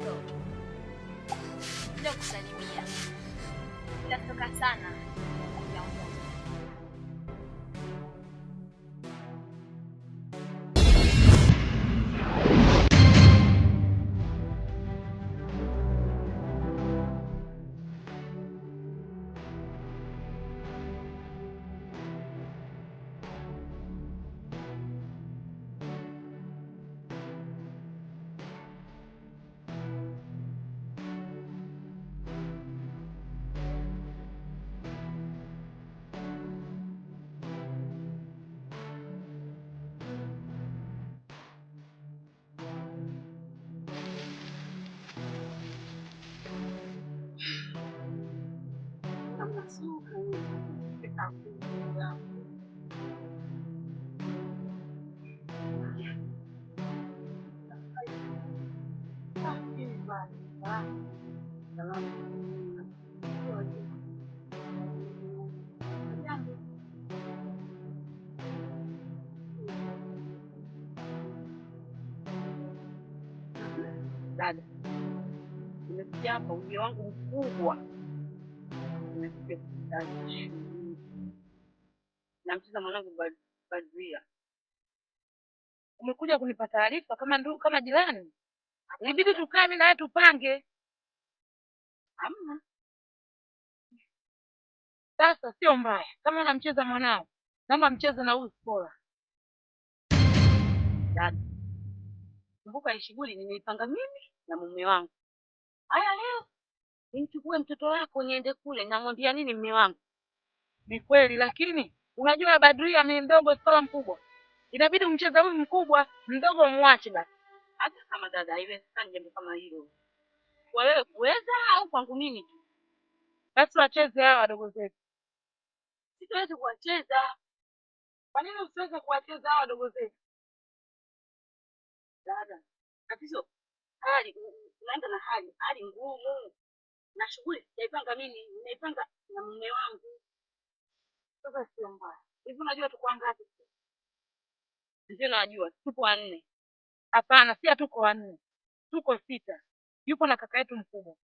mtoto kuja kusalimia. Utatoka sana. dada, nimekuja hapa, ujio wangu mkubwa, nimekuja kutazama namcheza mwanangu Badria. Umekuja kunipa taarifa kama ndugu, kama jirani, ilibidi tukae mimi naye tupange. amna sasa, sio mbaya kama unamcheza mwanao, naomba mcheze na huyu Spola dada Kumbuka hii shughuli nimeipanga mimi na mume wangu. aya leo nimchukue mtoto wako niende kule, namwambia nini mume wangu? Ni kweli, lakini unajua Badria ni mdogo, sana mkubwa. Inabidi umcheze huyu mkubwa, mdogo mwache basi. Hata kama dada, haiwezekani jambo kama hilo kwa wewe kuweza au kwangu mimi tu. Basi wacheze hawa wadogo zetu. Sitaweza kuwacheza. Kwa nini usiweze kuwacheza hawa wadogo zetu? dada, tatizo hali unaenda na hali hali ngumu, na shughuli sijaipanga mimi, nimeipanga na mume wangu. Sasa sio mbaya hivi, unajua tuko ngapi? Ndio, najua tuko wanne. Hapana, si hatuko wanne, tuko sita. Yupo na kaka yetu mkubwa.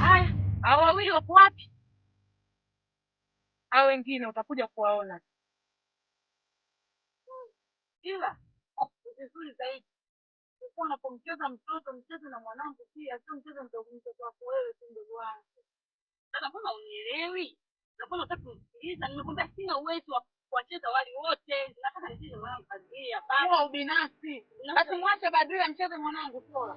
Haya, hao wawili wapo wapi? Hao wengine utakuja kuwaona ila vizuri zaidi huku unapomcheza mtoto mcheze na mwanangu pia sio mcheze mtoto wako wewe tu ndugu wangu sasa mbona unielewi na mbona utaki nimekwambia sina uwezo wa kuwacheza wali wote nataka nicheze mwanangu badria baba ubinafsi mwache badria mcheze mwanangu pola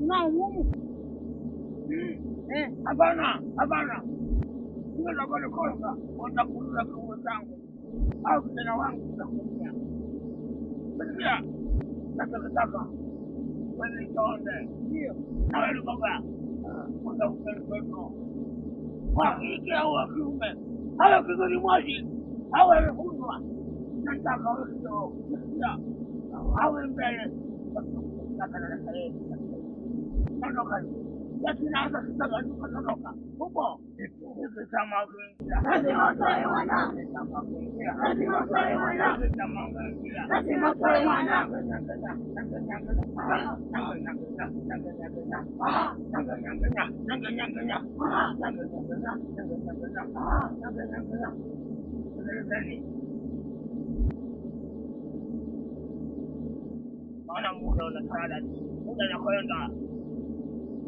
Não, eh, hapana, hapana. Hilo wanalokosa watakuuza kiungo changu au kijana wangu utakuumia. Pia natakataka kwenye kionde, ndio nawe lukoga mwanamke mtoto wa kike au wa kiume, awe kizuri mwashi awe amekuzwa, nataka wewe awe mbele katika kanisa letu. 咱这看，咱去哪个哪个地方咱这看，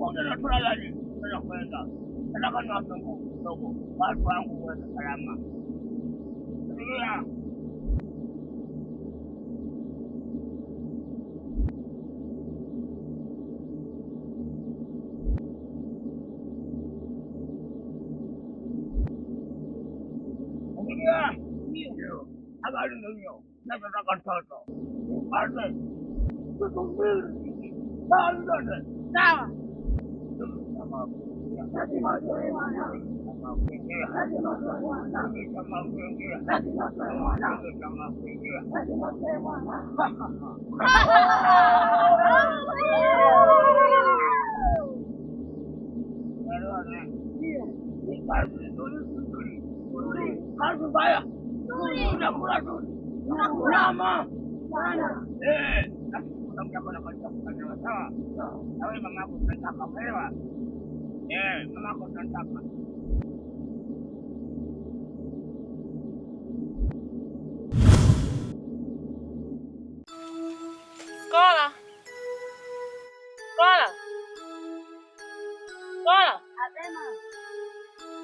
kwamdana tulala nje tena kwenda tena kana mungu kidogo watu wangu kwenda salama Hallelujah. 아가리 능요 내가 나갔다 왔어 빨리 그 동물 나안 가네 나와 Kalau memang aku tidak a p a a p Eh, ya, memang aku sontak,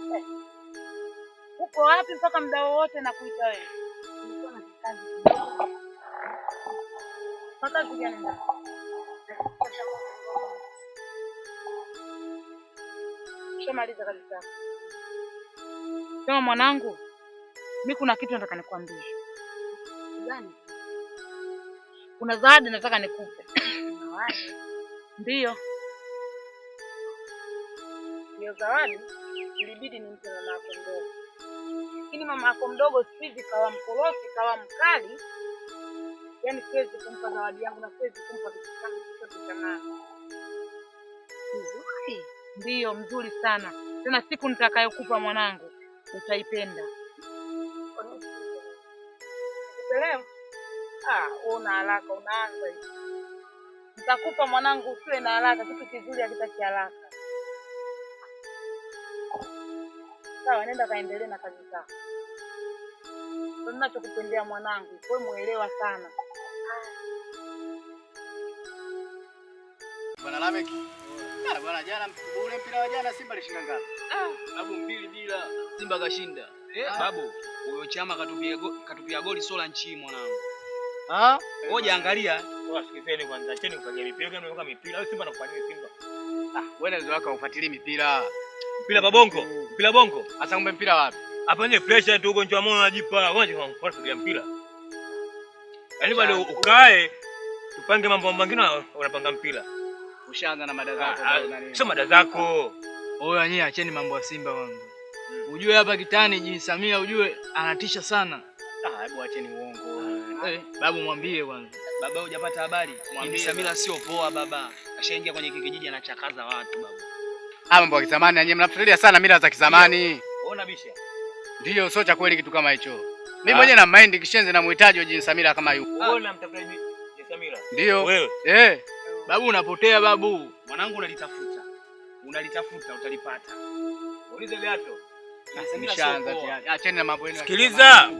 Eh. Uko wapi mpaka muda wowote na kuita wewe? Nilikuwa na kazi. Ushamaliza kazi zako. Sema mwanangu, mi kuna kitu nataka nikwambie. Gani? Kuna zawadi nataka nikupe. Ndiyo. Ndiyo zawadi ilibidi nimpe mama yako mdogo, lakini mama yako mdogo siku hizi kawa mkorofi, kawa mkali, yaani siwezi kumpa zawadi yangu na siwezi kumpa kitu changu chochote cha maana. Ndiyo, mzuri sana tena. Siku nitakayokupa mwanangu, utaipenda. Ah, una haraka, unaanza hivi. Nitakupa mwanangu, usiwe na haraka. Kitu kizuri hakitaki haraka. Sawa, nenda kaendelee na kazi zako. Nachokupendea mwanangu, kwa muelewa sana Bwana Lameki. Ah, bwana jana ule mpira wa jana Simba alishinda ngapi? babu ah. mbili bila. Simba kashinda. Eh, ah. Babu, huyo chama katupia go, katupia goli sola nchi mwanangu. Ah? Ngoja angalia. Wasikizeni kwanza, acheni kufagia mipira gani mnaweka mipira. Simba anakufanyia Simba. Ah, wewe naweza wako ufuatilie mipira. Mpira babongo. Mpira bongo. Asa kumbe mpira wapi? Hapa nje pressure tu ugonjwa moyo unajipa. Ngoja kwa kufagia mpira. Yaani bado ukae tupange mambo mengine unapanga mpira ushaanza na mada zako. Ah, ah, sio mada zako. Wewe wenyewe acheni mambo ya Simba wangu. Hmm. Ujue hapa kitani jini Samia ujue anatisha sana. Ah, hebu acheni uongo. Ah, Eh, babu mwambie kwanza. Baba hujapata habari? Mwambie Samia sio poa baba. Ashaingia kwenye kijiji anachakaza watu baba. Ah, mambo ya kizamani nyewe mnafurahia sana mila za kizamani. Unaona bisha? Ndio, sio cha kweli kitu kama hicho. Mimi ah. mwenye na mind kishenze na muhitaji wa jini Samira kama yuko. Wewe unamtafuta jini Samira? Ndio. Wewe. Eh. Babu unapotea babu. Mwanangu unalitafuta. Unalitafuta utalipata. Ulize Beato. Ah, nishaanza tayari. Acheni na mambo yenu. Sikiliza.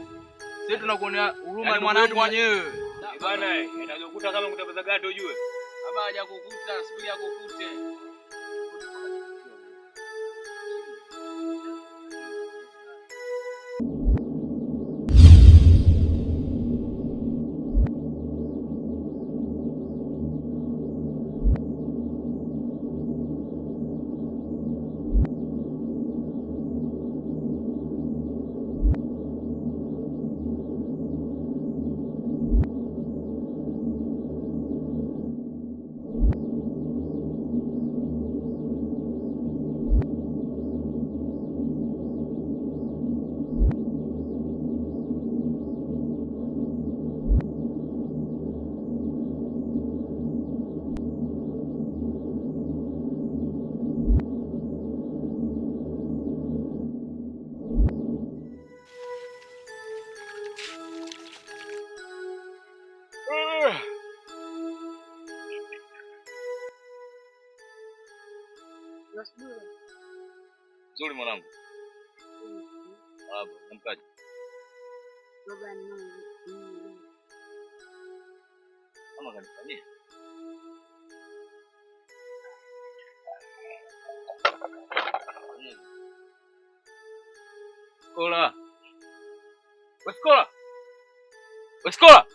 Sisi tunakuonea huruma yaani ni mwanangu mwenyewe. Bwana, inakukuta kama kutapeza gato ujue. Baba hajakukuta, siku yakukute. Nzuri mwanangu. Hapo namkaje? Baba ni kama kanifanyia Kola. Weskola. Weskola.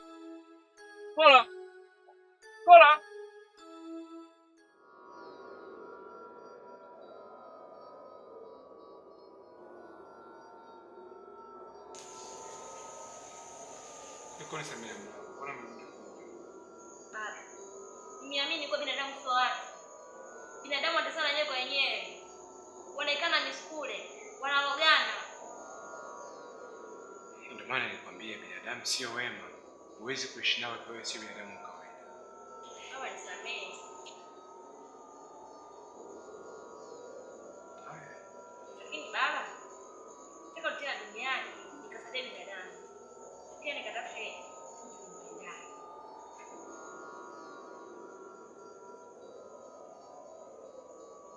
Nisamehe, mbona mnarudi? Baba, niamini kwa binadamu sio watu. Binadamu atasana yeye kwa wenyewe, wanaikana misukule, wanalogana. Ndio maana nilikwambia binadamu sio wema, huwezi kuishi nao, wewe sio binadamu kawaida. Baba, nisamehe.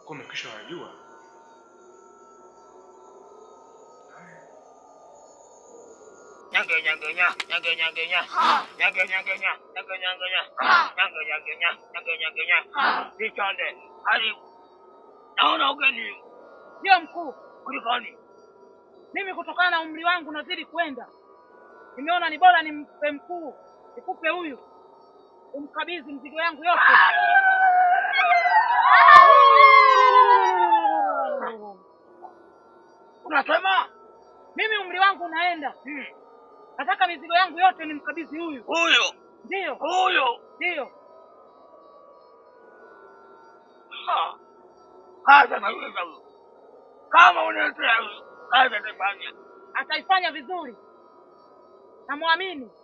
kuwa umekwisha wajua. Naona ugeni ndio mkuu kulikoni mimi. Kutokana na umri wangu nazidi kwenda, nimeona ni bora nimpe mkuu, nikupe huyu, umkabidhi mzigo yangu yote. Unasema mimi umri wangu unaenda, hmm. nataka hmm, mizigo yangu yote ni mkabidhi huyu huyo, ndio huyo, ndio kama ataifanya vizuri, namwamini